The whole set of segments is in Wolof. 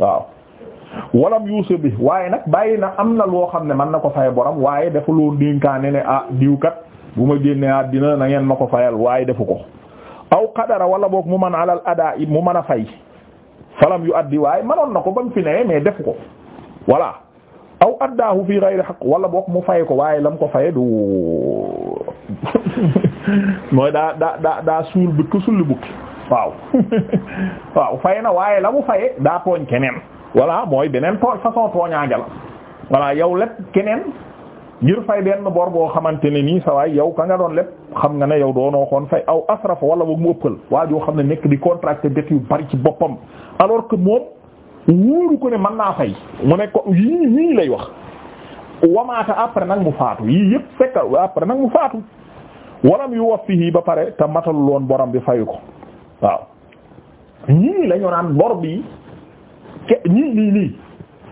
waaw walam yuusa bi waaye nag bàyyi na am na loo xam ne mën na ko fay borom waaye dafa loo dénkaane ne ah kat bu ma génnee àddina na ngeen ma ko fayal waaye defu ko aw xadara wala book mu mën alal adaa i mu mën a fay falam yu addi waaye manoon na ko ba mu fi nee mais defu ko voilà aw addaahu fi ghayri haqq wala boog mu fay ko waaye lam ko faye du mooy daa daa daa daa suul bukki sulli bukki waaw waaw fay na waaye la mu faye daa tooñ keneen voilà mooy beneen tooñ façon tooñaange la voilà yow lépp keneen ngir fay benn bor boo xamante ne nii sa waay yow ka nga doon lépp xam nga ne yow doonoo xoon fay aw asraf wala boog mu ëppal waa joo xam ne nekk di contracté dette yu bari ci boppam alors que moom wóoru ko ne man naa fay mu nekk ko yii yii lay wax wamaata après nag mu faatu yii yëpp fekk après nag mu faatu walam yu waf fii ba pare te matal woon borom bi fayu ko waaw ñii lañu naan bor bi ke ñii lii lii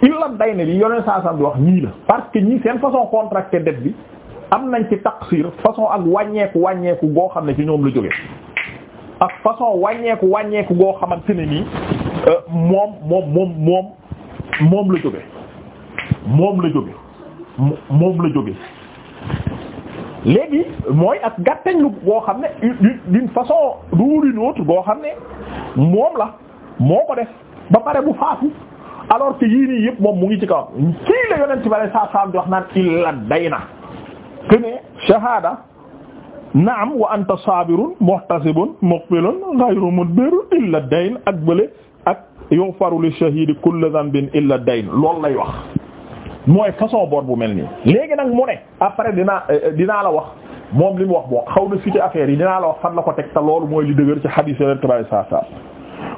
illa day ne li yoneen saasam bi wax ñii la parce que ñii seen façon contracté dette bi am nañ ci taqsir façon ak wàññeeku wàññeeku goo xam ne ci ñoom la jóge ak façon wàññeeku wàññeeku goo xamante ne nii euh, moom moom moom moom moom la jóge moom la jóge moom la jóge léegi mooy ak gàttañ lu boo xam ne d'une façon du d'une autre boo xam ne moom la moo ko def ba pare mu faatu alors que yii yëpp moom mu ngi ci kawam fii la yonent bi alei saa salaam di wax naan illa dayna que ne shahada naam wa anta sabirun muhtasibun muqbilun mudbir illa dayn ak bële ak yughfaru li shahidi kullu dhanbin illa dayn lool lay wax mooy façon bor bu mel nii léegi nag mu ne après dinaa euh, euh, dinaa la wax moom li mu wax boo xaw na fi ci affaire yi dinaa la wax fan la ko teg te loolu mooy li dëgër ci xadiis yonent bi sallallahu alayhi wasallam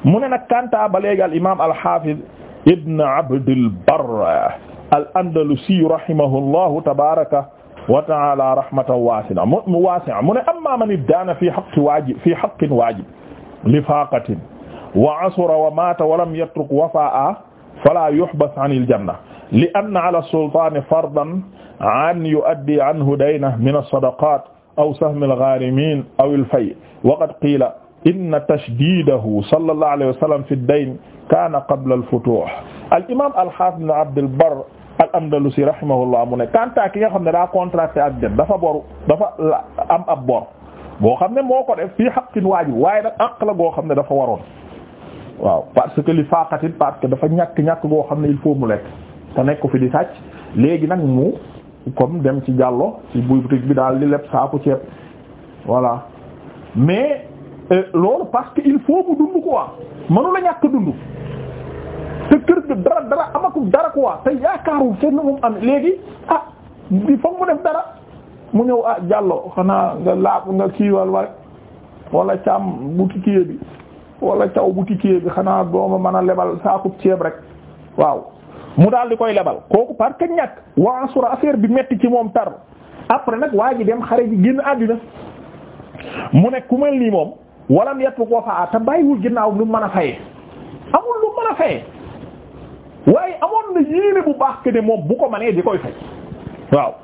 mu ne nag kanta ba léegi al imaam al xaafiz ibn Abdul Barr al andalusi rahimahullahu tabaaraka wa ta'ala rahmatan waasi'a mu waasi'a mu ne amma man iddaana fi haqqi waajib fi haqqin waajib lifaaqatin wa asura wa maata wa lam yatruk wafaa'a fala yuhbas 'anil janna li anna ala sultaani fardan an yu'addi anhu dayna min as-sadaqaat aw sahmi al-ghaarimiin aw al-fay wa qad qiila inna tashdiidahu sallallahu alayhi wa sallam fi ad-dayn kaana qabla al-futuuh al-imaam al-haafiz ibn Abd al-Barr al-Andalusi rahimahullah mu ne kanta ki nga xam ne daa contracté ak det dafa boru dafa am ab bor boo xam ne moo ko def fii haqqin waajib waaye nag àq la goo xam ne dafa waroon waaw parce que li faaqatin parce que dafa ñàkk ñàkk goo xam ne il faut mu lekk te nekk fi di sàcc léegi nag mu comme dem ci jàllo ci boutique bi daal di leb saaku ceeb voilà mais euh, loolu parce que il faut mu dund quoi mënu la ñàkk dund te kër gi dara dara amatul dara quoi te yaakaarul fenn moom am léegi ah il faut mu def dara mu ñëw ah jàllo xanaa nga laab nga kiiwal wa wala caam boutiquier bi wala caw boutiquier bi xanaa dooma mën a lebal saaku ceeb rek waaw mu daal di koy lebal kooku parce que ñàkk waa asura affaire bi metti ci moom tar après nag waa ji dem xare ji génn àddina mu nekk ku mel nii moom walam yettu koo fa a bàyyiwul ginnaaw lu mën a fayee amul lu mën a fayee waaye amoon na yéene bu baax que ne moom bu ko mënee di koy fay waaw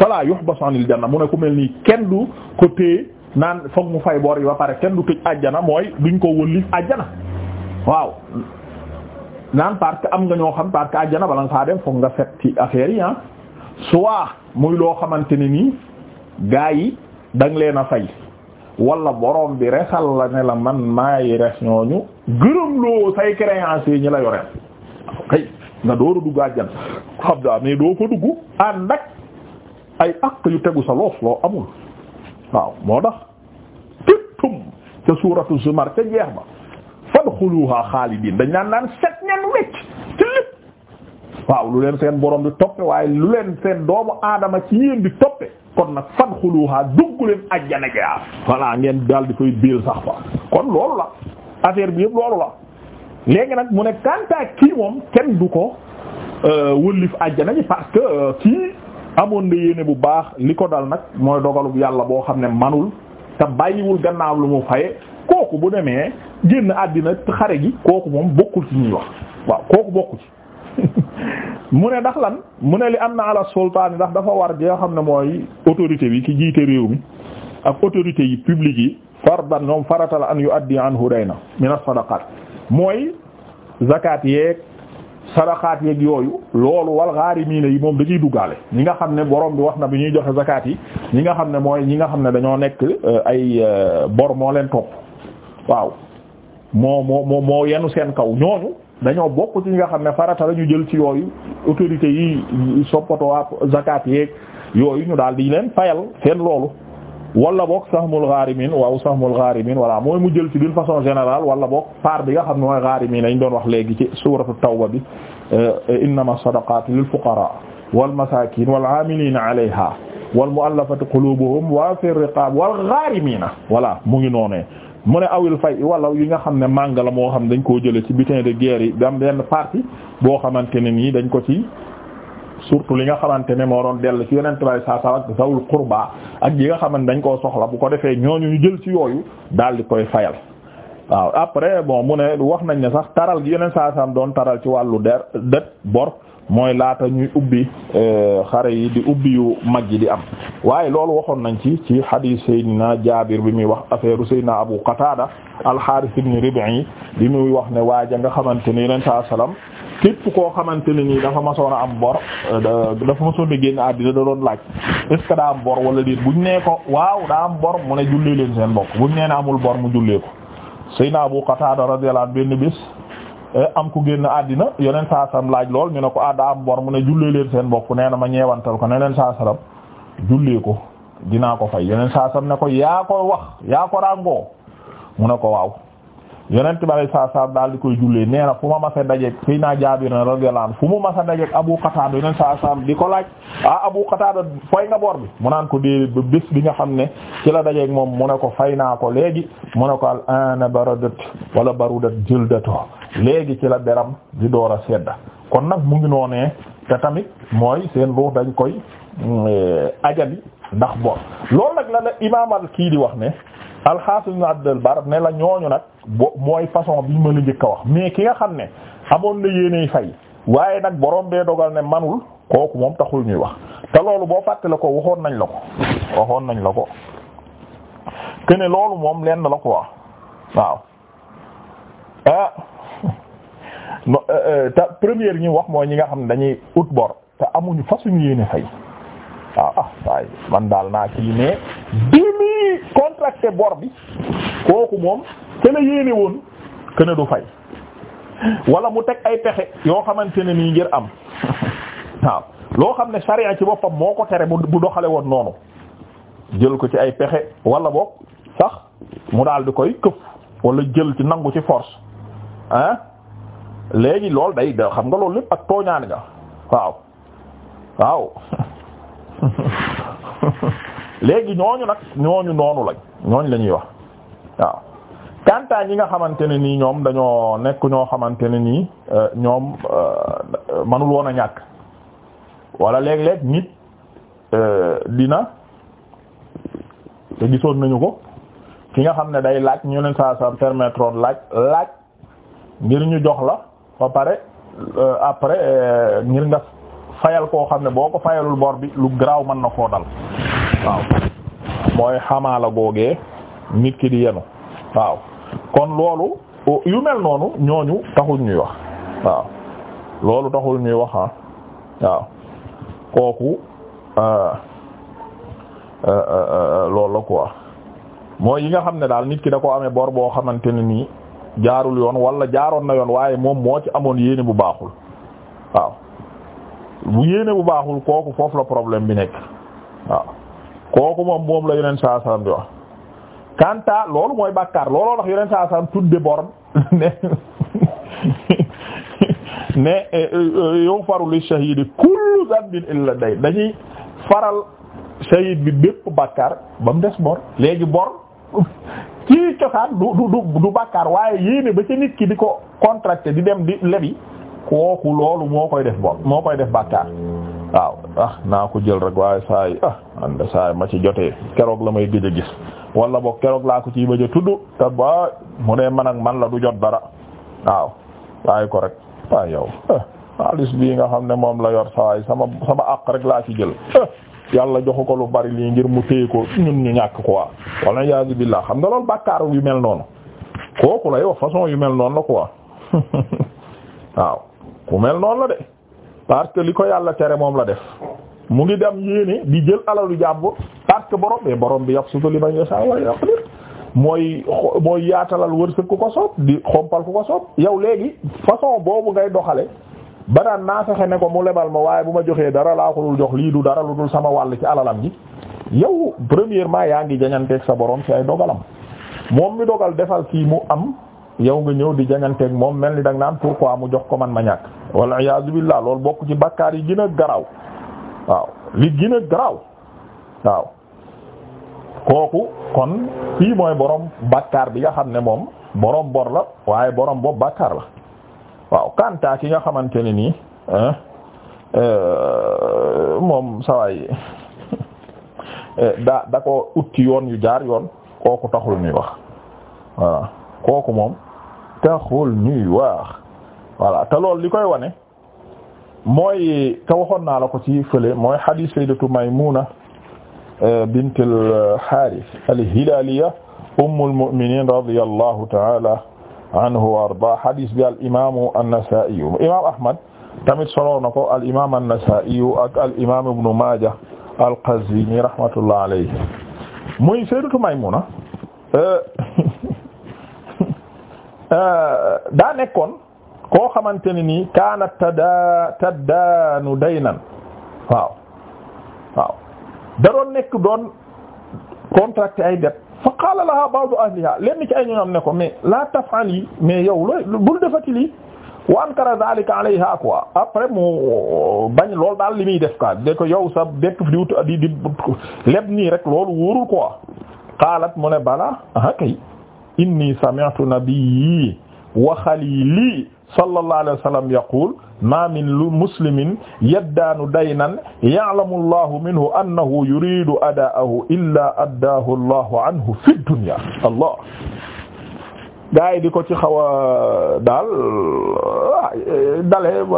fala yuhbas anil janna mu ne ku mel nii kenn du ko téye naan foog mu fay bor yi ba pare kenn du tëj àjjana mooy duñ ko wëlli àjjana waaw naan parce am nga ñoo xam parce que àjjana bala nga faa dem foog nga fet affaire yi ah soit muy loo xamante ne nii gaa yi dang leen a fay wala borom bi resal la ne la man maay res ñooñu gërëm loo say créance yi ñi la yoreel kay nga door a dugg àjjana xam daa mais doo fa dugg ànd ak ay àq yu tegu sa loof loo amul waaw moo tax tittum ca suuratu Zumar ca jeex ba fadxuluha xaalidiin dañ naan naan set ngeen wecc ci lépp waaw lu leen seen borom di toppe waaye lu leen seen doomu aadama ci yéen di toppe kon nag fadxuluha dugg leen ajjana ja voilà ngeen daal di fay biir sax fa kon loolu la affaire bi yëpp loolu la léegi nag mu ne kanta kii moom kenn du ko euh, wëllif ajjana ji parce que euh, kii amoon na yéene bu baax li ko dal nag mooy dogalub yàlla boo xam ne manul te bàyyiwul gannaaw lu mu faye kooku bu demee génn àddina xare gi kooku moom bokkul ci ñuy wax waaw kooku bokku ci mu ne ndax lan mu ne li am na ala sultaan ndax dafa war di nga xam ne mooy autorité bi ki jiite réew mi ak autorité yi publique yi fardan ñoom faratal an yu addi anhu dayna min mooy zakat yeeg sadaqaat yeeg yooyu loolu wal gharimiina yi moom da ciy duggaale ñi nga xam ne borom bi wax na bi ñuy joxe zakat yi ñi nga xam ne mooy ñi nga xam ne dañoo nekk euh, ay euh, bor moo leen topp waaw moo moo moo moo yenu seen kaw ñooñu dañoo bokk ci nga xam ne farata la ñu jël ci yooyu autorité yi soppato ak zakat yeeg yooyu ñu daal di leen fayal seen loolu wala boog sahmul gharimin waaw sahmul gharimin voilà mooy mu jël ci d'une façon général wala boog part bi nga xam ne mooy gharimin lañ doon wax léegi ci suratu tawba bi euh, innama sadaqatu lil fuqara wal masakin wal amilina alayha wal mu'allafati qulubuhum wa fi riqab wal gharimina mu ngi noonee mu ne awil fay wala yi nga xam ne mànga la moo xam ne dañ koo jële ci butin de guerre yi dam benn partie boo xamante ne nii dañ ko ci surtout li nga xamante ne moo doon dell ci yonent bay saa saa ak zawul qurba ak yi nga xamante dañ koo soxla bu ko defee ñooñu ñu jël ci yooyu daal di koy fayal waaw après bon mu ne wax nañ ne sax taral gi yeneen saa saa doon taral ci wàllu der det bor mooy laata ñuy ubbi euh, xare yi di ubbi yu mag yi di am waaye loolu waxoon nañ ci ci hadith Seydina Jaabir bi muy wax affaire Seydina Abu Qatada al-Harith ibn Rib'i bi muy wax ne waaja nga xamante ne yeneen saa salaam képp koo xamante ne nii dafa masoon a am bor euh, dafa masoon a génn àddina da doon laaj est-ce que daa am bor wala déet buñ nee ko waaw daa am bor mu ne jullee leen seen bokk buñ nee na amul bor mu jullee ko Seydina Abu Qatada radiyallahu anhu benn bés. Euh, am ku génn àddina yeneen saa laaj lool ñu ne ko ah daa am bor mu ne jullee leen seen bopp nee na ma ñeewantal ko ne leen saa salaam jullee ko dinaa ko fay yeneen saa salaam ne ko yaa ko wax yaa ko ràngoo mu ne ko waaw. yonent bi saa saam daal di koy jullee nee na fu ma masa dajeeg fii naa Jaabir radiyallahu anhu fu mu masa dajeeg Abu Qatada yonent saa saam di ko laaj ah Abu Qatada fay nga bor bi mu naan ko déedéet ba bés bi nga xam ne ci la dajeeg moom mu ne ko fay naa ko léegi mu ne ko al ana baradat wala barudat jildatu léegi ci la deram di door a sedda kon nag mu ngi noonee te tamit mooy seen ruux dañ koy eh, ajabi ndax bor loolu nag la imaamal kii di wax ne. alxaafis ibn Abdul Bar ne la ñooñu nag mooy façon bi ma la njëkk a wax mais ki nga xam ne amoon na yéenay fay waaye nag boroom bee dogal ne manul kooku moom taxul ñuy wax te loolu boo fàtte la ko waxoon nañ la ko waxoon nañu la ko que ne loolu moom lenn la ko wax waaw ah euh, euh, te première ñi wax mooy ñi nga xam ne dañuy ut bor te amuñu fasuñu yéene fay. waaw ah, ah waaye man daal naa kii ne bi muy contracté bor bi kooku moom te la yéene woon que du fay wala mu teg ay pexe yoo xamante ne nii ngir am waaw loo xam ne sariya ci boppam moo ko tere bu doxale woon noonu jël ko ci ay pexe wala book sax mu daal di koy këf wala jël ci nangu ci force ah léegi lool day da xam nga loolu lépp ak tooñaan nga waaw waaw léegi ñooñu nag ñooñu noonu lañ ñooñ lañuy wax waaw kantaa ñi nga xamante ne nii ñoom dañoo nekk ñoo xamante ne nii euh, ñoom euh, manul woon a ñàkk wala léeg-léeg nit euh, dina te gisoon nañu ko ki nga xam ne day laaj ñu ne saa saa permettre laaj laaj ngir ñu jox la ba pare après ngir nga fayal koo xam ne boo ko fayalul bor bi lu garaaw mën na koo dal waaw mooy xamaala googee nit ki di yenu waaw kon loolu yu mel noonu ñooñu taxul ñuy wax waaw loolu taxul ñuy wax ah waaw kooku euh, euh, euh, loolu la quoi mooy yi nga xam ne daal nit ki da ko amee bor boo xamante ne nii jaarul yoon wala jaaroon na yoon waaye moom moo ci amoon yéene bu baaxul waaw bu yéene bu baaxul kooku foofu la problème bi nekk waaw kooku moom moom la yeneen saa salaam wax kanta loolu mooy bàkkaar looloo tax yeneen saa salaam tudde bor ne ne eh, eh, yow faru li shahidi kullu dhanbin illa day dañuy faral shahid bi bépp bàkkaar ba mu des bor léegi bor ci cosaan du du du bàkkaar waaye yéene ba ca nit ki di ko contracté di dem di lebi kooku loolu moo koy def bon moo koy def bàkkaar waaw ah naa ko jël rek waaye saay yi ah anda saa ma ci jotee keroog la may gëj a gis wala boog keroog laa ko ci bëj ba mu ne man ak man la du jot dara waaw waaye ko rek waaw yow ah, xaalis bii nga xam ne moom la yor saa yi sama sama rek laa ci jël ah, yàlla joxu ko lu bari lii ngir mu téye ko ñun ñu ñàkk quoi wala yaazu billah xam nga lool bàkkaaru yu mel noonu kooku lay wax façon yu mel noonu la quoi waaw ku mel noonu la de parce que li ko yàlla tere moom la def mu ngi dem yéene di jël alalu jàmbur parce que boroom bi borom li ma liman yashaa'u wa yaqdir mooy mooy yaatalal wërsëg ku ko soob di xompal ku ko soob yow léegi façon boobu ngay doxale ba daan naa fexe ne ko mu lebal ma waaye bu ma joxee dara laa ko dul jox lii du dara lu dul sama wàll ci alalam ji yow premièrement yaa ngi jañanteeg sa borom ci ay dogalam moom mi dogal defal kii mu yow nga ñëw di janganteeg moom mel ni da naan naan pourquoi mu jox ko man ma ñàkk wala iyaazu billah loolu bokk ci bakkaar yi gën a garaw waaw li gën garaaw waaw kooku kon fii mooy boroom bakkaar bi nga xam ne moom borom bor la waaye boroom boobu bakkaar la waaw kanta ki nga xamante ne nii euh, moom sawaay da da ko ut ci yoon yu jaar yoon kooku taxul ñuy wax waaw kooku moom taxul ñuy wax voilà te loolu li koy wane mooy te waxoon naa la ko ci fële mooy hadith sayyidatu Maymuna euh, bint euh, al-Harith al-Hilaliya ummul mu'minin radiyallahu ta'ala anhu wa arda hadith bi al imaamu an-Nasa'i imaam Ahmad tamit solo na ko al imaam an-Nasa'i ak al imaam Ibn Majah al-Qazwini rahmatullah alayhi muy sayyidatu Maymuna euh, Euh, daa nekkoon koo xamante ne nii kaana taddaa taddaanu daynan waaw waaw da doon nekk doon contracté ay det fa qaala laha ba'du ahliha lenn ci ay ñoom ne ko mais la taf'ali mais yow looy bul defati lii wa ankara dhalika alayha quoi après mu bañ lool daal li muy def quoi de ko yow sa dekk fi di wut leb nii rek loolu wóorul quoi qaalat mu ne bala ah kay inni sami'tu nabiyyi wa xalili sallallahu alayhi wa sallam yaqul ma min muslimin yaddaanu daynan ya'lamu allahu minhu annahu yuridu adaahu illa addaahu allahu anhu fi dunya allah gaa yi di ko ci xaw a daal dale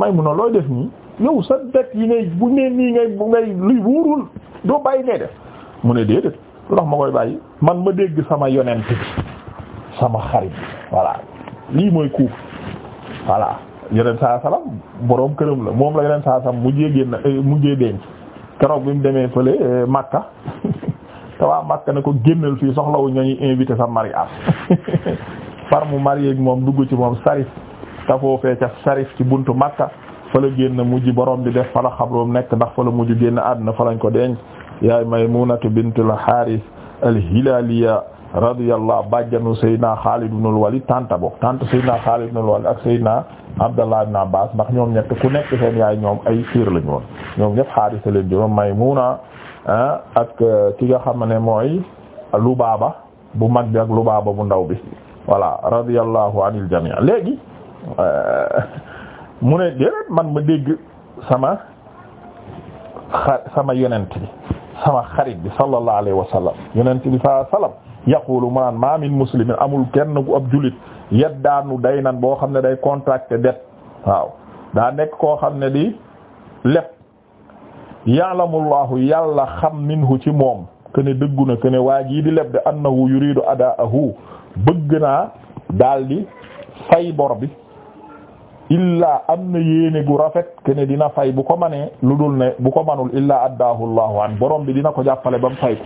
may mun a looy def nii yow sa det yi ngay bu nee nii ngay bu ngay luy wóorul doo bàyyi ngay def mu ne déedéet lu tax ma koy bàyyi man ma dégg sama yonent bi sama xarit voilà lii mooy kuuf voilà yeneen saa salaam borom këram la moom la yeneen saa salaam mujjee génn eh, mujjee denc keroog bi mu demee fële eh, Makka te waa Makka ne ko génnal fii soxlawu ñuy invité sa mariage par mu marié ak moom dugg ci moom Sarif ta foofee ca Sarif ci buntu Makka fa la génn mujj boroom bi def fa la xabroom nekk ndax fa la mujj génn àdduna fa lañ ko denc yaay Maymunatu bintul Haaris al-Hilaaliya radiyallahu bàjjanu Seydina Xaalid ibn al-Walid tanta bokk tante Seydina Xaalid ibn walid ak Seydina Abdallah ibn Abbas ndax ñoom ñett ku nekk seen yaay ñoom ay fiir lañu woon ñoom ñëpp Haarisa leen juróom Maymuna ah, ak ki nga ne mooy lu baaba bu mag bi ak Lubaaba bu ndaw bi voilà radiyallahu anil jami' léegi euh, mu ne déedéet man ma dégg sama xa sama yonent bi sama xarit bi sallallahu alayhi wa sallam yonent bi sallam yaqulu ma min muslimin amul kenn ku ab jullit day daynan boo xam ne day contracté det waaw daa nekk koo xam ne di lépp ya'lamullahu yàlla xam minhu ci moom kene dëggu na kene waa jii di leb de annahu yuridu adaahu bëgg naa daal di fay bor bi illaa am na yéene gu rafet ke ne dina fay bu ko manee lu dul ne bu ko manul illa addaahu allahu an borom bi dina ko jàppale ba mu fay ko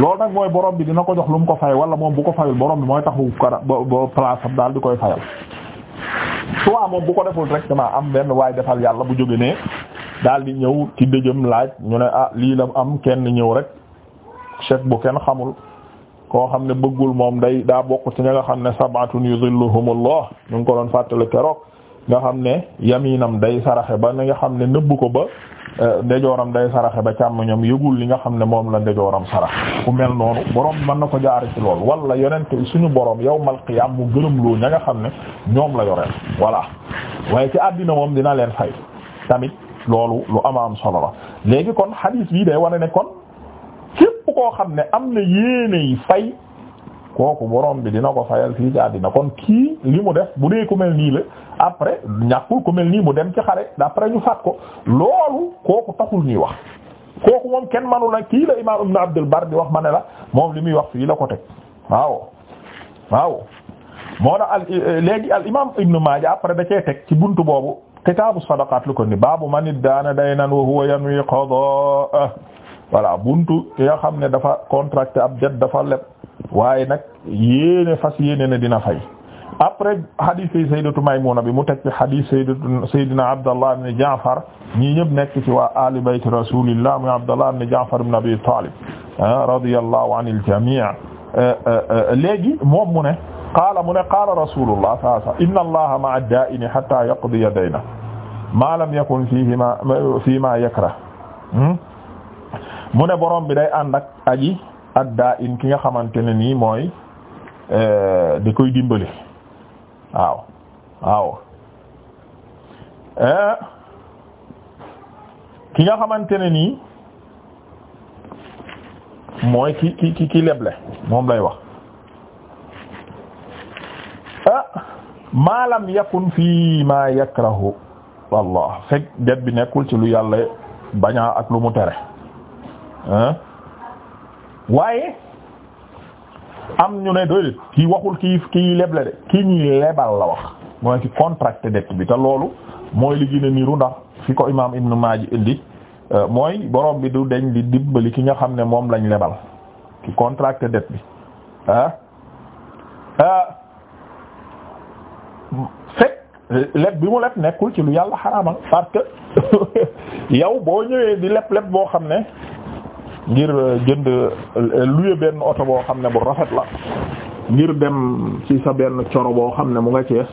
loolu nag mooy borom bi dina ko jox lu mu ko fay wala moom bu ko fayul borom bi mooy taxu kara ba place am daal di koy fayal soit moom bu ko deful am benn waaye defal yàlla bu jóge nee daal di ñëw ci dëjëm laaj ñu ne ah lii la am kenn ñëw rek chèque bu kenn xamul koo xam ne bëggul moom day daa bokk ci ña nga xam ne sabatun yuzilluhumullah ñu ngi ko doon fàttali keroog nga xam ne yaminam day saraxe ba ni nga xam ne nëbbu ko ba eh, ndejooram day saraxe ba ñoom yëgul li nga xam ne moom la ndejooram saraxe ku mel noonu borom mën na ko jaare ci lool walla yonent suñu borom yawmal qiyaam mu gërëm loo ña nga xam ne ñoom la yoreel voilà waaye ci àddina moom dina leen fay tamit loolu lu ama am solo la léegi kon hadith bii day wane ne kon képp koo xam ne am na yéene yi fay. kooku borom bi dina ko fayal fii ci àddina kon kii li mu def bu dee ku mel nii la après ñàkkul ku mel nii mu dem ci xare d'après ñu faat ko loolu kooku taxul ñuy wax kooku moom kenn manu la kii la imaam Ibn Abdul Bar wax ma ne la moom li muy wax fii la ko teg waaw waaw moo tax al léegi al imaam Ibn Maaja après da cee teg ci buntu boobu kitaabu sadaqaat lu ko ni baabu man iddaana nan wa huwa yanwi qadaa voilà buntu ki nga xam ne dafa contracté ab jet dafa leb waaye nag yéene fas yéene ne dina fay après hadith yi sayyidatu Maymuna bi mu teg ci hadith sayyidatu sayyidina Abdallah ibn Ja'far ñii ñëpp nekk ci waa ali bayt rasulillah mu Abdallah ibn Ja'far ibn Abi Talib ah, radiyallahu anil jami' eh, eh, eh, léegi moom mu ne qaala mu ne qaala rasulullah sallallahu alayhi wa sallam inna allaha ma'a ad-daa'ini hatta yaqdiya dayna ma lam yakun fiihi ma fiimaa yakrah hmm? mu ne borom bi day ànd ak aji addaa in ki nga xamante ne nii mooy eh, di koy dimbali waaw waaw eh, ki nga xamante ne nii mooy ki ki ki leble moom lay wax ah maalam yakun fii ma yakrahu wallah fekk det bi nekkul ci lu yàlla bañaa ak lu mu tere ah waaye am ñu ne doy kii waxul kii kii leble de kii ñuy lebal la wax mooy ci contracté dette bi te loolu mooy li gën a niru ndax fi ko imaam Ibn Maaji indi euh, mooy borom bi du deñ di dimbali ki nga xam ne moom lañ lebal ki contracté dette bi ah, ah fekk leb bi mu leb nekkul ci lu yàlla xaraamal parce que yow boo ñëwee di leb leb boo xam ne ngir euh, jënd euh, luye benn oto boo xam ne bu rafet la ngir dem ci sa benn coro boo xam ne mu nga Cees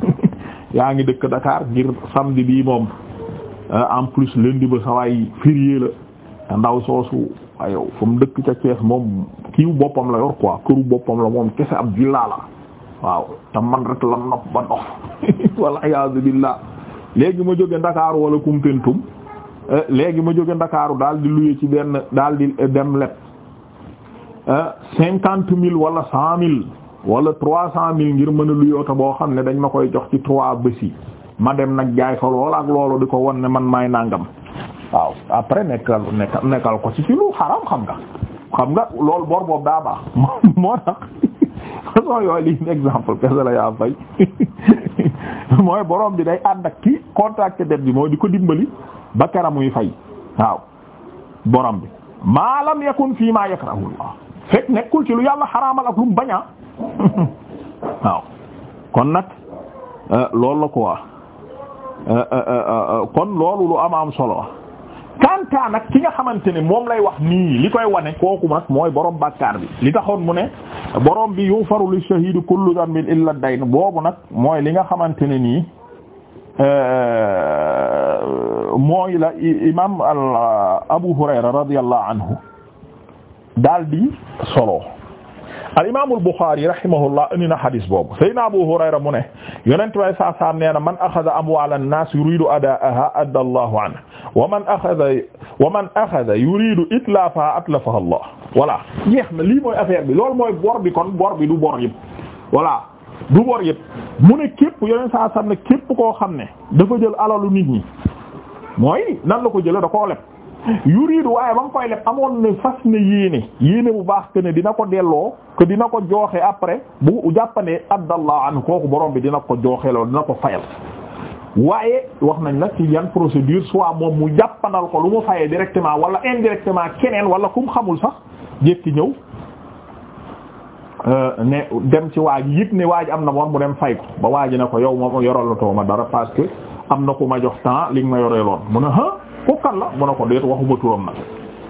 yaa ngi dëkk Dakar ngir samedi bii moom euh, en plus lundi ba sawaay férié la ndaw soosu ayow fa mu dëkk ca Cees moom kiiw boppam la yor quoi këru boppam la moom kese ab villa la waaw te man rek la nopp ba dox walla iyaazu billaah léegi ma jóge Dakar wala Koumpentoum Eh, léegi ma jóge ndakaaru daal di luye ci benn daal di eh, dem leb eh, cinquante mille wala cent mille wala trois cent mille ngir mën a luyoota boo xam ne dañ ma koy jox ci trois bés yi ma dem nag jaay fa loolu ak loolu di ko won ne man maay nàngam waaw après nekkal nekkal ko ci ci lu xaram xam nga xam nga loolu bor boobu daa baax moo tax façon yooyu li exemple kese la yaa fay mooy boroom bi day ànd ak ki contracté dette bi mooy di ko dimbali ba kera muy fay waaw borom bi maalam yakun fii maa yakrahullah fekk nekkul ci lu yàlla xaraamal ak lu mu bañaa waaw kon nag euh, loolu la ko quoi euh, euh, kon loolu lu am am solo kanta nag ki nga xamante ne moom lay wax nii li koy wane kooku nag mooy borom bàkkaar bi li taxoon mu ne borom bi yufaru li shahidi kullu dhanbin illa dayn boobu nag mooy li nga xamante ne nii euh, mooy la imam al Abu Hurayra radiyallahu anhu daal di solo. al imaamul Buxaari rahimahullah indi na xadis boobu Seydina Abu Hurayra mu ne yonent way saa saa nee na man axada amwaala naas yuriidu adaaha adda Allahu anhu wa man axada wa man axada yuriidu itlaafaha atlafaha Allah voilà jeex na lii mooy affaire bi loolu mooy bor bi kon bor bi du bor yëpp voilà du bor yëpp mu ne képp yonent saa saa ne képp koo xam ne dafa jël alalu nit ñi mooy nan la ko jëlee da koo leb yuriidu waaye ba nga koy leb amoon na fas na yéene yéene bu baax que ne dina ko delloo que dina ko jooxee après bu jàppandee abdallah an kooku borom bi dina ko jooxe lool dina ko fayal. waaye wax nañ la ci yan procédure soit moom mu jàppandal ko lu mu fayee directement wala indirectement keneen wala kum xamul sax jékki ñëw euh, ne dem ci waa ji yëpp ne waa am na moom mu dem fay ko ba waa ji ne ko yow moom yoralatoo ma dara parce am na ku ma jox temps li ma yoreeloon mu ko kan la mu ne ko déet waxuma turam nag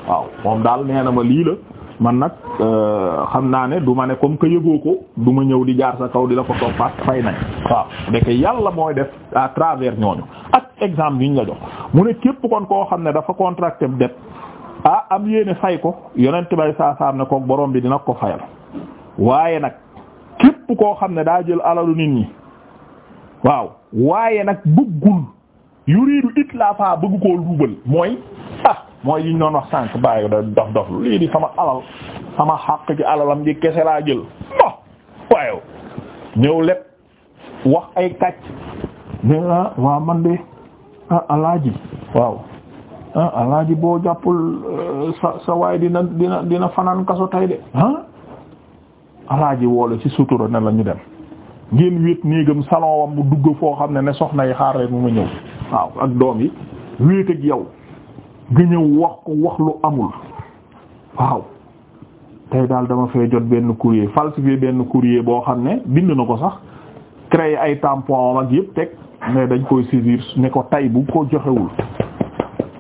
waaw moom daal nee na ma lii la man nag euh, xam naa ne du ma ne comme que yëgoo ko du ma ñëw di jaar sa kaw di la ko toppaat fay nañ waaw ndeke yàlla mooy def à travers ñooñu ak exemple yi ñu la jox mu ne képp kon koo xam ne dafa contracté dette ah am yéene fay ko yonent bay saa saam ne koog borom bi dina ko fayal waaye nag képp koo xam ne daa jël alalu nit ñi waaw waaye nag bëggul yu yuriidu itlaafa bëgg koo luubal mooy ah mooy yiñ doon wax sànq bàyyi da dof dof lii di sama alal sama xàq ci alalam ji kese laa jël bon waaye ñëw lépp wax ay kàcc mais ah waa man de ah alaaji waaw ah alaaji boo jàppul euh, sa sa waay dina dina dina fanaan kaso tay de ah alaaji woole ci sutura ne la ñu dem ngeen wéet néegam salon wam bu dugg foo xam ne ne soxna yi xaar rek mu ma ñëw waaw ak doom yi wéet ak yow nga ñëw wax ko wax lu amul waaw tey daal dama fee jot benn courrier falsifié benn courrier boo xam ne bind na ko sax créé ay tampon ak yëpp teg mais dañ koy saisir ne ko tay bu ko joxewul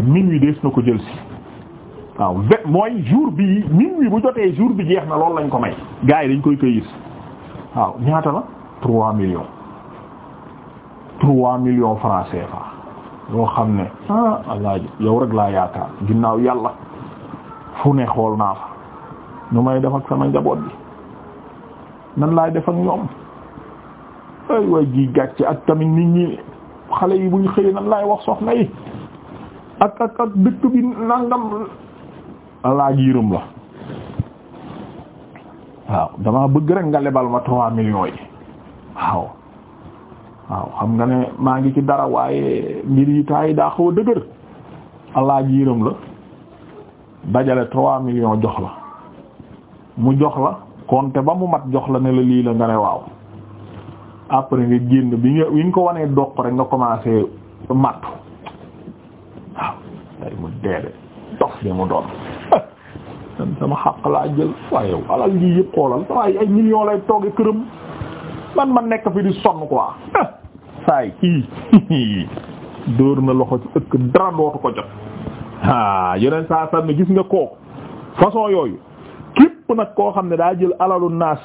minuit des na ko jël si waaw ve mooy jour bi minuit bu jotee jour bi jeex na loolu lañ ko may gars yi dañ koy koy waaw ñaata la trois millions trois millions francs CFA loo xam ne ah alaaji yow rek laa yaakaar ginnaaw yàlla fu ne xool naa fa nu may def ak sama njaboot bi nan laay def ak ñoom ay way ak tamit nit ñi xale yi bu ñu laay wax soxna yi ak ak ak dëkk bi nangam alaaji yërëm la waaw damaa bëgg rek nga lebal ma trois millions yi waaw waaw xam nga ne maa ngi ci dara waaye mbir yi taay daa xaw a dëgër allah jiiram la dajale trois millions jox la mu jox la compte ba mu mat jox la ne la lii la nga ne waaw après nga génn bi nga bi nga ko wanee doq rek nga commencé matt waaw day mu deede dox bi mu doon dan sama xaq laa jël waaye yow alal ji yëpp xoolal waaye ay millions lay tooge këram man ma nekk fi di sonn quoi saay kii dóor na loxo ci ëkk dara dootu ko jot ah yeneen saa sànni gis nga kooku façon yooyu képp nag koo xam ne daa jël alalu naas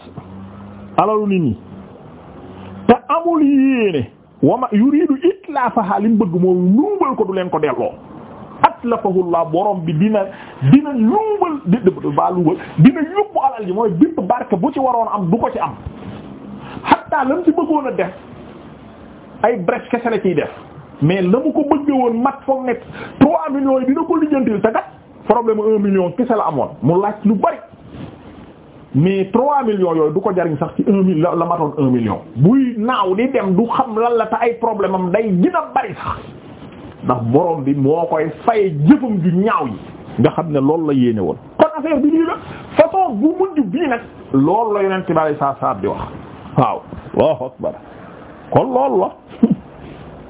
alalu nit ñi te amul yéene wama yuridu itlaafaha li mu bëgg moom luubal ko du leen ko delloo atlafahu Allah borom bi dina dina luubal di ba luubal dina yóbbu alal ji mooy bépp barke bu ci waroon am du ko ci am hatta lam ci bëggoon a def. ay brèche kese la ciy def mais la mu ko bëgg woon mat foog nekk trois millions yi dina ko lijjantil te kat problème un million kese la amoon mu laaj lu bari mais trois millions yooyu du ko jariñ sax ci un million la matoon un buy naaw di dem du xam lan la te ay problème am day dina bari sax ndax borom bi moo koy faye jëfam ju ñaaw yi nga xam ne loolu la yéene woon kon affaire bi lii la façon bu mujj bii nag loolu la yonent bi sallallahu alayhi wasallam di wax waaw Allahu akbar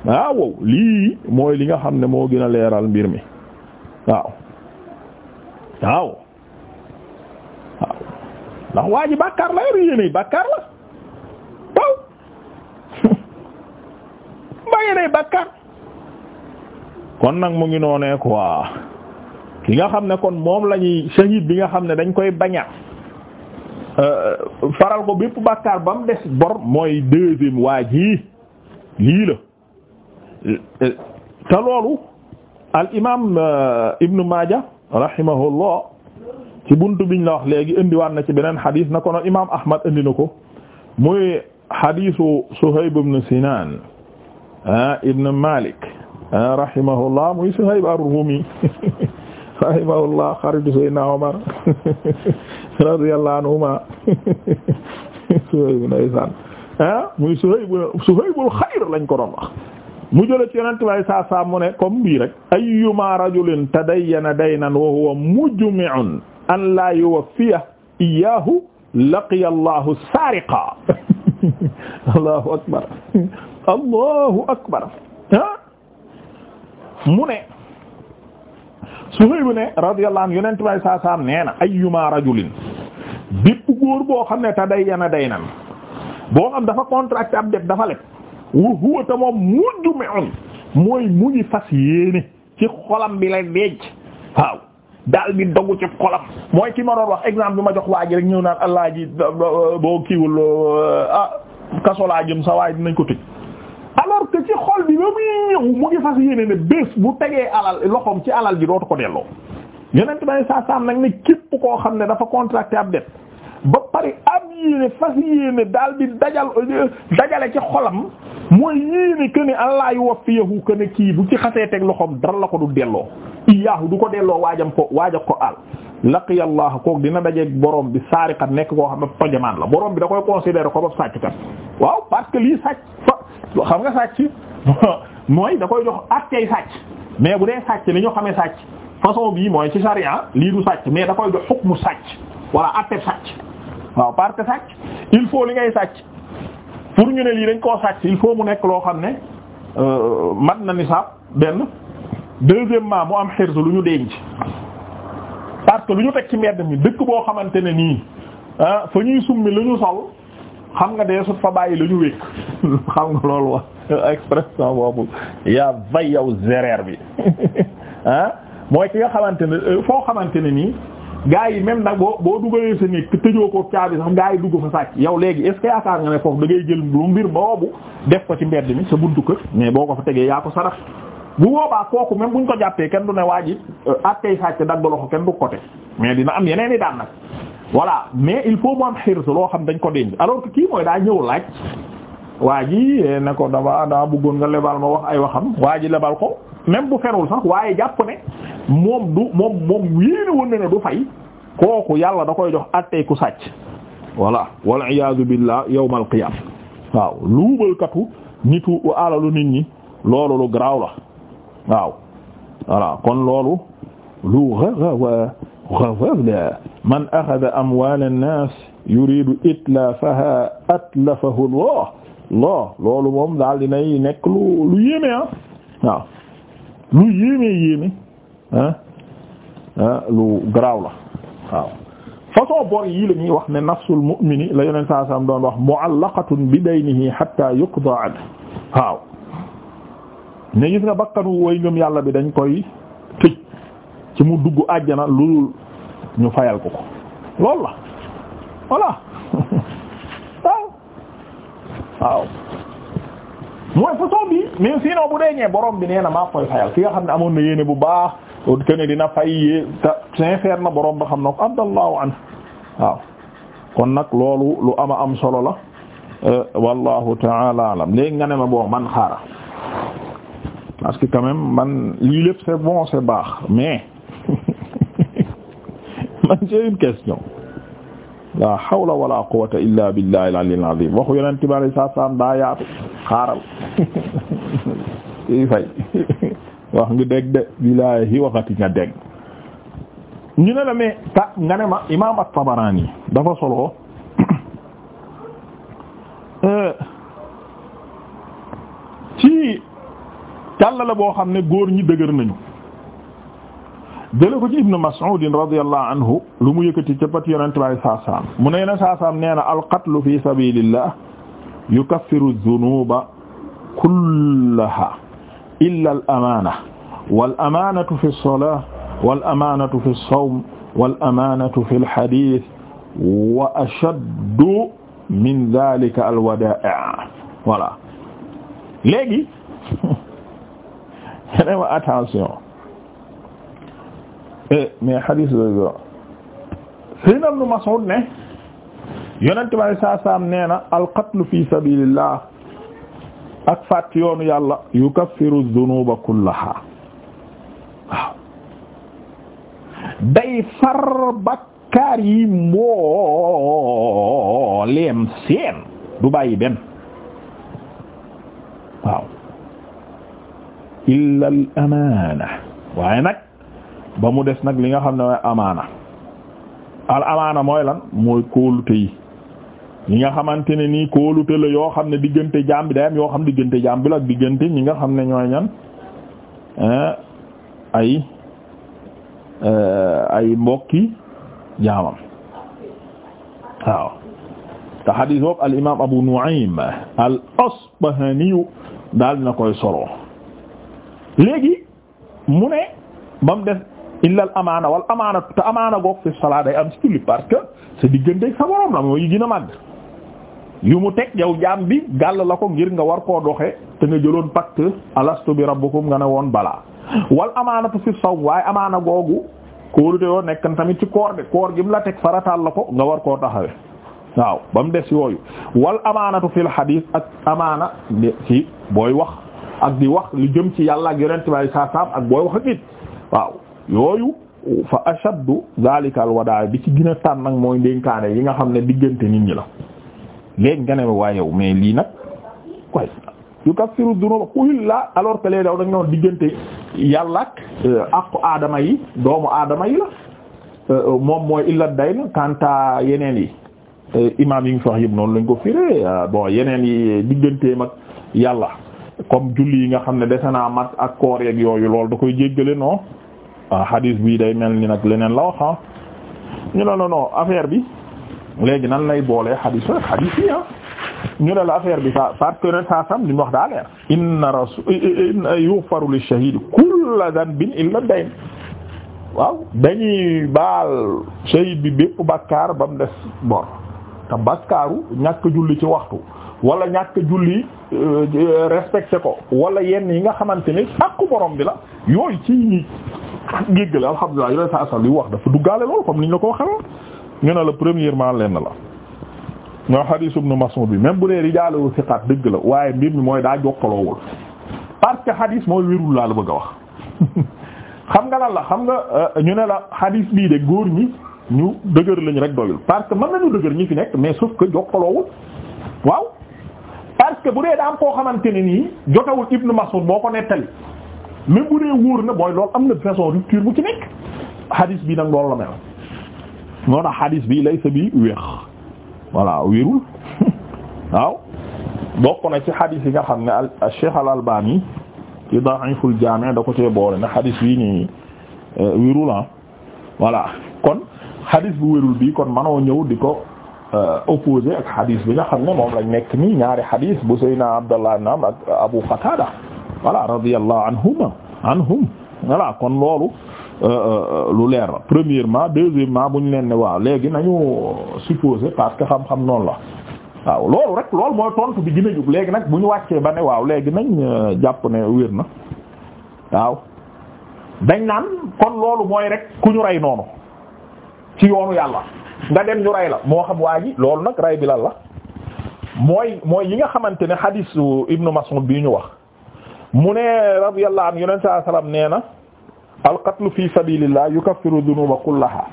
Ah, waaw lii mooy li nga xam ne moo gën a leeral mbir mi waaw waaw waaw ndax waa ji bàkkaar la yor yéenay bàkkaar la waaw ba yéenay bàkkaar kon nag mu ngi noonee quoi ki nga xam ne kon moom lañuy ñuy bi nga xam ne dañ koy baña euh, faral ko bépp bàkkaar ba mu des bor mooy deuxième waa ji lii la te loolu al imaam uh, Ibn Maaja rahimahullah ci buntu biñ la wax léegi indiwaat na ci beneen xadis na ko noonu imaam Ahmad indi na ko muy xadisu Suhayb ibn Sinaan ah Ibn Malik ah rahimahullah muy Suhayb ar-Rumi rahimahullah xaritu Seydina Omar radiyallahu anhuma muy Suhayb Suhaybul xayr lañ ko mu jële ci yonent way saa saa mu ne comme bii rek ayyuma rajulin tadayyana daynan wa huwa mujmi'un an la yuwaffiya iyaahu laqiya allahu saariqa allahu akbar allahu akbar ah mu ne Suhayb ne radiyallahu anhu yonent way saa saa nee na ayyuma rajulin bépp góor boo xam ne tadayyana daynan boo xam dafa contracté ab dette dafa leb wa huwa ta moom mujmi'un mooy mu ngi fas yéene ci xolam bi la deej waaw daal bi dogu ci xolam mooy ki ma doon wax exemple bi ma jox waa ji rek ñëw naan allah ji boo kiiwul ah kaso sa waaye dinañ ko tëj alors que ci xol bi ba muy ñëw mu ngi fas yéene ne bés bu tegee alal loxoom ci alal ji dootu ko delloo yeneen may saa saam nag ne képp koo xam ne dafa contracté ab dette ba pare am yéene fas yéene daal bi dajal dajale ci xolam mooy yéene que ne allah yuwaffiyahu que ne kii bu ci xasee teg loxoom dara la ko du delloo iyaahu du ko delloo waajam ko waaja ko al laqiya allah kook dina dajeeg borom bi saariqat nekk koo xam ne tojamaan la borom bi da koy considérer ko ba sàcc kat waaw parce que lii xam nga sàcc mooy da koy jox àttey sàcc mais bu dee sàcc li ñu xamee sàcc façon bii mooy ci sharia lii du sàcc mais da koy jox hukmu sàcc wala àtte sàcc waaw parce que sàcc il faut li ngay sàcc pour ñu ne lii dañ koo sàcc il faut mu nekk loo xam ne euh, mat na nisaab benn deuxièmement mu am xirs lu ñu denc parce que lu ñu teg ci mbedd mi dëkk boo xamante ne nii ah, fa ñuy summi lu ñu sol xam nga dee sut fa bàyyi lu ñu wékk xam nga loolu wax expression boobu yaa ba yow zereer bi ah mooy ki nga xamante ne euh, foo xamante ne nii gaa yi même nag boo boo dugalee sa néeg te tëjoo ko caabi sax gaa yi dugg fa sàcc yow léegi est ce que yaakaar nga ne foofu da ngay jël lu mbir boobu def ko ci mbedd mi sa buntu kër mais boo ko fa tegee yaa ko sarax bu boobaa kooku même buñ ko jàppee kenn du ne waa ji euh, attey sàcc dagg loxo kenn du ko côté mais dina am yeneen i daan nag voilà mais il faut mu am xirs loo xam dañ ko denc alors que kii mooy daa ñëw laaj waa ji eh, ne ko dama daa bëggoon nga lebal ma wax ay waxam waa ji lebal ko même bu ferul sax waaye jàpp ne moom du moom yéene woon na ne kooku yàlla da koy jox attey ku sàcc voilà wal iyaadu billah yawmal qiyaama waaw luubalkatu nitu alalu nit ñi loolu lu garaaw la kon loolu lu gawa gawa la man axada amwaal an-naas yuriidu atlafahu Allah loolu moom daal dinay nekk lu yéeme ah lu yéeme yéeme lu garaaw la waaw façon bor yii la ñuy wax ne nafsul mu'mini la yoneen saa saam doon wax mu'allaqatun bi daynihi hatta yuqda anhu waaw ne gis nga bakkanu way ngëm yàlla bi dañ koy tëj ci mu dugg àjjana lu ñu fayal ko ko loolu la voilà waaw waaw mooy façon bi mais sinon bu dee ñee borom bi nee na maa koy fayal ki nga xam ne amoon na yéene bu baax que dina fay te sincère na borom ba xam na ko abdallahu an waaw kon nag loolu lu ama am solo la euh, wallahu taala alam léegi nga ne ma boo man xaara parce que quand même man lii lépp c'est baax mais man j'ai une question la hawla wala quwwata illa billahi al-ali al-azim waxu yonent bi sallallahu daa yaatu xaaral i fay wax nga dégg de billaahi waxati nga dégg ñu ne la mais ta nga ne ma imaam at-Tabarani dafa solo euh, ci càlla boo xam ne góor ñi dëgër nañu jële ko ci Ibn Mas'ud radiyallahu anhu lu mu yëkkati ca pat yonent bi sallallahu mu ne yonent sallallahu nee na al-qatlu fi sabilillah yukaffiru zunuba kullaha illa al amaana wal amaanatu fi salaa wal amaanatu fi sawm wal amaanatu fi lhadiis wa ashaddu min daalika al wadaa' voilà léegi yeneen ma attention eh, mais hadis la Sayyidina Ibn Mas'ud ne yonente bi saa saam nee na alqatlu fi sabilillah ak faat yoonu yàlla yukaffiru dhunuba kullaha waaw day far du bàyyi benn illa al amaana nag ba mu des nag li nga xam ne amaana al amaana mooy lan mooy ñi nga xamante ne nii kóolute la yoo xam ne diggante jaam bi day am yoo xam diggante jaam bi la ak diggante ñi nga xam ne ñooy ñan eh, ay eh, ay mbokki jaamam waaw te xadiis boobu al imaam Abu Nu'aym al Asbahani daal na koy solo léegi mu ne ba mu def illal amaana wal amaana te amaana goog fi salaa day am ci tulli parce que sa diggante ak sa borom la mooy gën a màgg yu mu teg yow jaam bi gàll la ko ngir nga war koo doxe te nga jëloon pacte alastu bi rabbukum nga ne woon balaa wal amaanatu fi sawm waaye amaana googu kóorute yoo nekk na tamit ci koor de koor gi mu la teg farataal la ko nga war koo taxawe waaw ba mu des yooyu wal amaanatu fil xadiis ak amaana de ci booy wax ak di wax lu jëm ci yàlla ak yonent bi saa saam ak booy wax ak nit waaw yooyu fa ashaddu zaalika al wadaa bi ci gën a tànn nag mooy ndénkaane yi nga xam ne diggante nit ñi la léegi nga ne waa mais lii nag koy yukaffiru dunuba kullaa alors que léegi daw dañu doon diggante yàlla ak euh, àqu aadama yi doomu aadama yi la euh, moom mooy illa day kanta yeneen yi euh, imaam yi ngi wax yëpp noonu lañ ko firé bon yeneen yi digganteem ak yàlla comme julli yi nga xam ne dese naa mat ak koor yeeg yooyu loolu da koy jéggale non ah hadis bii day mel ni nag leneen la wax ah ñu ne non affaire bi. léegi nan lay boolee xadiis rek ah. ñu ne la affaire bi sa parce que ren saa sam li mu wax daa leer inna rasul inna yughfaru lish-shahid kullu dhanbin illa dayn waaw dañuy baal shahid bi bépp bakkaar ba mu des bor te bakkaaru ñàkk julli ci waxtu wala ñàkk julli euh, respecté ko wala yenn yi nga xamante ni sàkku borom bi la yooyu ci ñi géggale alhamdulilah yooyu saa sam li wax dafa duggaale lool comme niñ la ko waxee ñu ne la premièrement lenn la ñoo xadiis Ibnu Mas'ud bi même bu dee rijaalu siqaat dëgg la waaye mbir mi mooy daa jokkaloowul parce que xadiis mooy wérul laa la bëgg a wax xam nga lan la xam nga euh, ñu ne la xadiis bii de góor ñi ñu dëgër lañu rek doyul parce que mën nañu dëgër ñi fi nekk mais sauf que jokkaloowul waaw parce que bu dee daam koo xamante ni nii jotawul Ibnu Mas'ud moo ko nettali même bu dee wóor na mooy loolu am na façon rupture bu ci nekk bi nag loolu la mel. moo tax xadis bi laysa bi wéex voilà wérul waaw bokk na ci xadis yi nga xam ne al Cheikh al Albani ci da'iful jaami' da ko tee boole ne xadis yi nii eh, wérul ah voilà kon xadis bu wérul bi kon manoo ñëw di ko eh, opposé ak bi nga xam lañ nekk nii ñaari xadis bu Seydina Abdallah ibn Amr ak Abu Qatada voilà radiyallahu anhuma anhum kon loolu Euh, euh, euh, lu leer la premièrement deuxièmement bu ñu leen ne waaw léegi nañu supposé parce que xam-xam noonu la waaw loolu rek loolu mooy tontu bi gën jub léegi nag bu ñu wàccee ba ne waaw léegi nañ jàpp ne wér na waaw dañ naan kon loolu mooy rek ku ñu rey noonu ci yoonu yàlla nga dem ñu rey la moo xam waa ji loolu nag rey bi lan la mooy mooy yi nga xamante ne hadith Ibn Mas'ud bii ñu wax mu ne yàlla anhu yonent sallallahu alayhi wasallam nee na. alqatlu fi sabilillah yukaffiru dunuba kullaha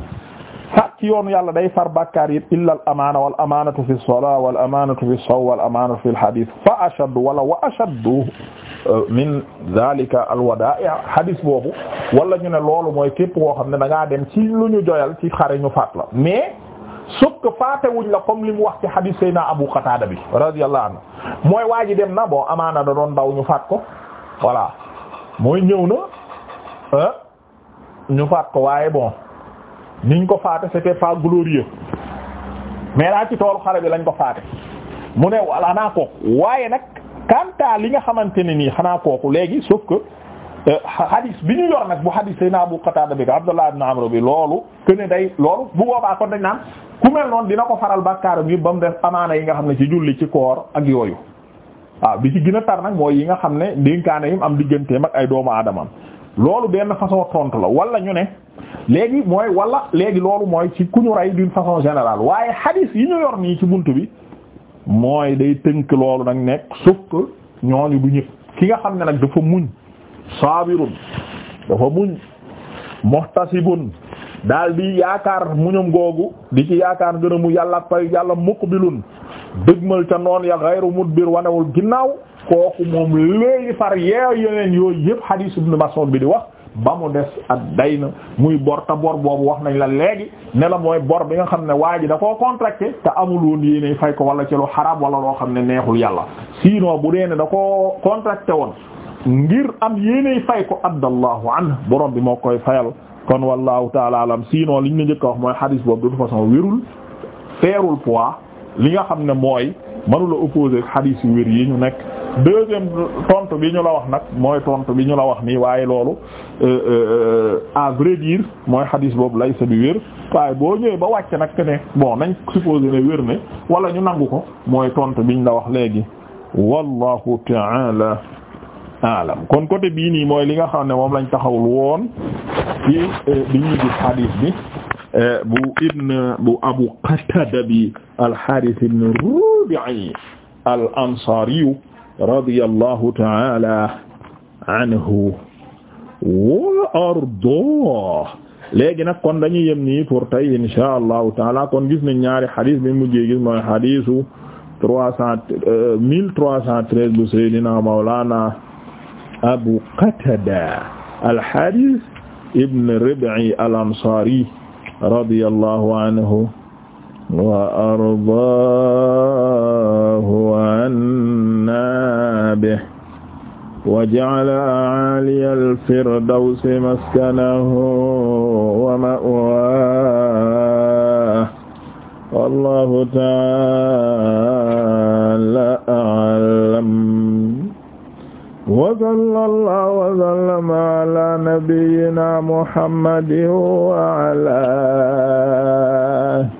faat ci yoonu yàlla day far bàkkaar yëpp illa al amaana wal amaanatu fi lsolaa wal amaanatu fi lsaw wal amaanatu fi lhadith fa ashaddu wala wa ashaddu euh, min zalika alwadai hadith boobu wala ñu ne loolu mooy képp koo xam ne da ngaa dem ci lu ñu joyal ci xare ñu faat la mais sukk faatewuñ la comme li mu wax ci hadith sayna Abu Qatada bi radiyallahu anhu mooy waa ji dem na bon amaana da doon daw ñu faat ko voilà mooy ñëw na ñu faat ko waaye bon niñ ko faate c'était pas glorieux mais daa ci toolu xare bi lañ ko faate mu ne walla naa kooku waaye nag kanta li nga xamante ne nii xanaa kooku léegi sauf que hadis euh, bi ñu yor nag bu hadis sayna Abu Qatada bi Abdullah ibn Amr bi loolu que ne day loolu bu boobaa kon dañ naan ku mel noonu dina ko faral bàkkaaram yi ba mu def amaana yi nga xam ne ci julli ci koor ak yooyu waaw bi ci gën a tar nag mooy yi nga xam ne ndénkaane yim am digganteem ak ay doomu aadamam loolu benn façon tontu la wala ñu ne léegi mooy walla léegi loolu mooy ci ku ñu rey d'une façon général waaye hadith yi ñu yor nii ci bunt bi mooy day tënk loolu nag nekk sauf que ñooñu du ñëpp ki nga xam ne nag dafa muñ saabirun dafa muñ muhtasibun daal di yaakaar muñum googu di ci yaakaar ngën a mu yàlla pay yàlla muqbilun dëgmal ca noon ya ghayru biir wanewul ginnaaw kooku moom léegi far yeew yeneen yooyu yëpp hadis Ibn Mas'ud bi di wax ba mu des ak day na muy bor ta bor boobu wax nañ la léegi ne la mooy bor bi nga xam ne waa ji da ko contracté te amul woon yéene fay ko wala ci lu xaraam wala loo xam ne neexul yàlla sinon bu dee ne da koo contracté woon ngir am yéene fay ko abdallahu an borom bi moo koy fayal kon wallahu taala alam sinon liñ la njëkk a wax mooy hadis boobu de toute façon wérul feerul poids li nga xam ne mooy mënula opposé hadis yi ñu nekk deuxième tontu bi ñu la wax nag mooy tontu bi ñu la wax nii waaye loolu euh, euh, euh, à vrai dire mooy xadiis boobu lay sa bi wér waaye boo ñëwee ba wàcc nag que ne bon nañ supposé ne wér ne wala ñu nangu ko mooy tontu biñ la wax léegi wallahu ta'ala aalam kon côté bii nii mooy li nga xam ne moom lañ taxawul woon ci bi ñuy gis xadiis bi bu ibn bu abu qatada bi al harith ibn rubi'i al ansari radiyallahu ta'ala anhu wa arda léegi nag kon dañuy yem nii pour tey insha allahu taala kon gis nañ ñaari xadis bi mujjee gis mooy xadisu trois cent euh, mille trois cent treize bu Seydina Mawlana Abu Qatada al-Harith ibn Rib'i al-Ansari radiyallahu anhu wa ardaahu annaa bihi wa ja'ala aaliya al-firdawsi maskanahu wa ma'waahu wallaahu ta'aalaa a'lam wa sallallaahu wa sallama alaa nabiyyinaa Muhammadin wa alaa